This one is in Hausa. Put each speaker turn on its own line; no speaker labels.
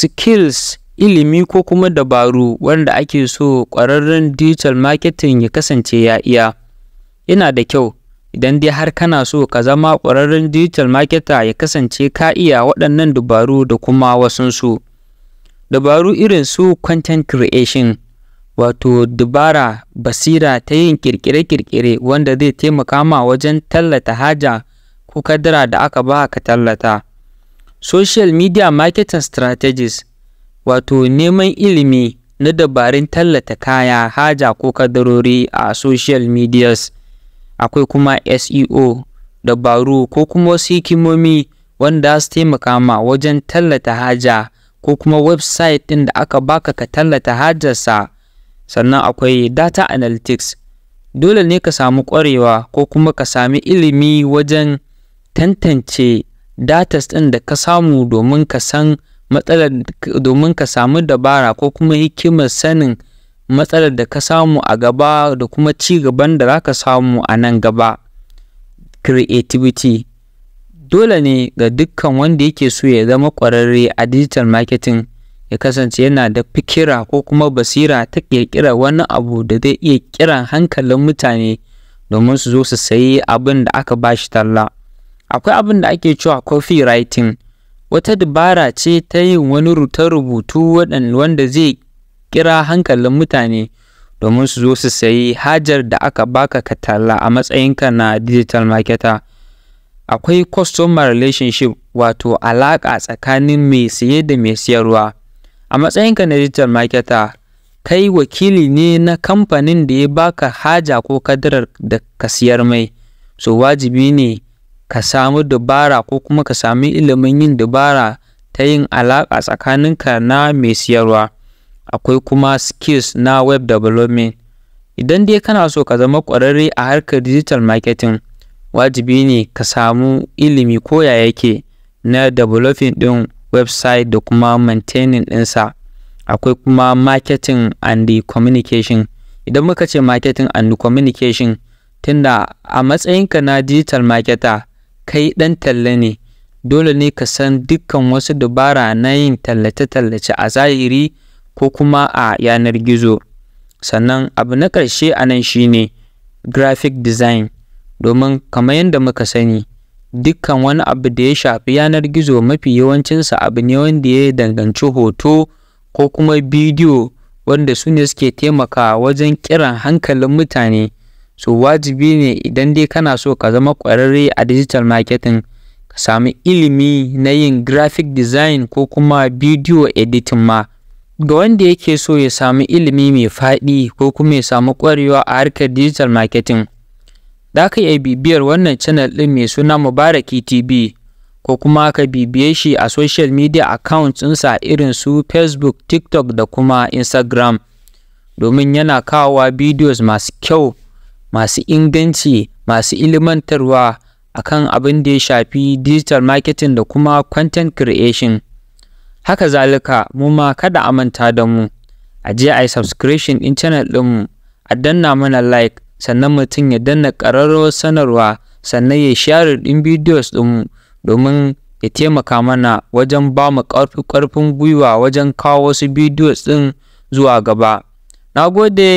skills ilimi ko kuma dabaru wanda ake so ƙwararren digital marketing ya kasance ya iya yana da kyau idan dai har kana so ka zama ƙwararren digital marketer ya kasance ka iya waɗannan dabaru da kuma wasunsu dabaru irin su content creation wato dabara basira ta yin kirkire-kirkire wanda zai taimaka ma wajen tallata haja ko kadara da aka ba ka tallata social media marketing strategies wato neman ilimi na dabarun tallata kaya haja ko kadarori a social medias akwai kuma seo dabaru ko kuma wasu hikimomi wanda su taimaka ma wajen tallata haja ko kuma website ɗin da aka baka ka tallata hajarsa sannan akwai data analytics dole ne ka samu ƙwarewa ko kuma ka sami ilimi wajen tantance datas ɗin da ka samu domin ka san matsalar domin ka samu dabara ko kuma hikimar sanin matsalar da ka samu a gaba da kuma ci gaban da za ka samu a nan gaba creativity dole ne ga dukkan wanda yake so ya zama ƙwararre a digital marketing ya kasance yana da fikira ko kuma basira ta ƙirƙira wani abu da zai iya kiran hankalin mutane domin su zo su sayi abin da aka bashi talla. akwai abin da ake cewa copywriting wata dabara ce ta yin wani rutar rubutu wanda zai kira hankalin mutane domin su zo su sayi hajar da aka baka ka talla a matsayinka na digital marketer akwai customer relationship wato alaƙa tsakanin mai saye da mai siyarwa a matsayinka na digital marketer kai wakili ne na kamfanin da ya baka haja ko kadarar da ka siyar mai so wajibi ne ka samu dabara ko kuma ka sami ilimin yin dabara ta yin alaƙa tsakaninka na mai siyarwa akwai kuma skills na web development idan dai kana so ka zama ƙwararre a harkar digital marketing wajibi ne ka samu ilimi ko ya yake na developing ɗin website da kuma maintaining ɗinsa akwai kuma marketing and communication idan muka ce marketing and communication tunda a matsayinka na digital marketer kai ɗan talla ne dole ne ka san dukkan wasu dabara na yin tallace-tallace a zahiri ko kuma a yanar gizo sannan abu na ƙarshe a nan shine graphic design domin kamar yadda muka sani dukkan wani abu da ya shafi yanar gizo mafi yawancinsa abu ne wanda ya danganci hoto ko kuma bidiyo wanda su ne suke taimakawa wajen kiran hankalin mutane so wajibi ne idan dai kana so ka zama ƙwararre a digital marketing ka sami ilimi na yin graphic design ko kuma video editing ma ga wanda yake so ya sami ilimi mai faɗi ko kuma ya sami ƙwarewa a harkar digital marketing da ka iya bibiyar wannan channel ɗin mai suna mubaraki tv ko kuma ka bibiye shi a social media accounts ɗinsa irin su facebook tiktok da kuma instagram domin yana kawowa videos masu kyau masu inganci masu ilimantarwa akan abin da ya shafi digital marketing da kuma content creation haka zalika mu ma kada a manta da mu a je a yi subscription din channel ɗinmu a danna mana like sannan mutum ya danna ƙararrawar sanarwa sannan ya share ɗin videos ɗinmu domin ya taimaka mana wajen ba mu ƙarfin gwiwa wajen kawo wasu videos ɗin zuwa gaba. Na gode.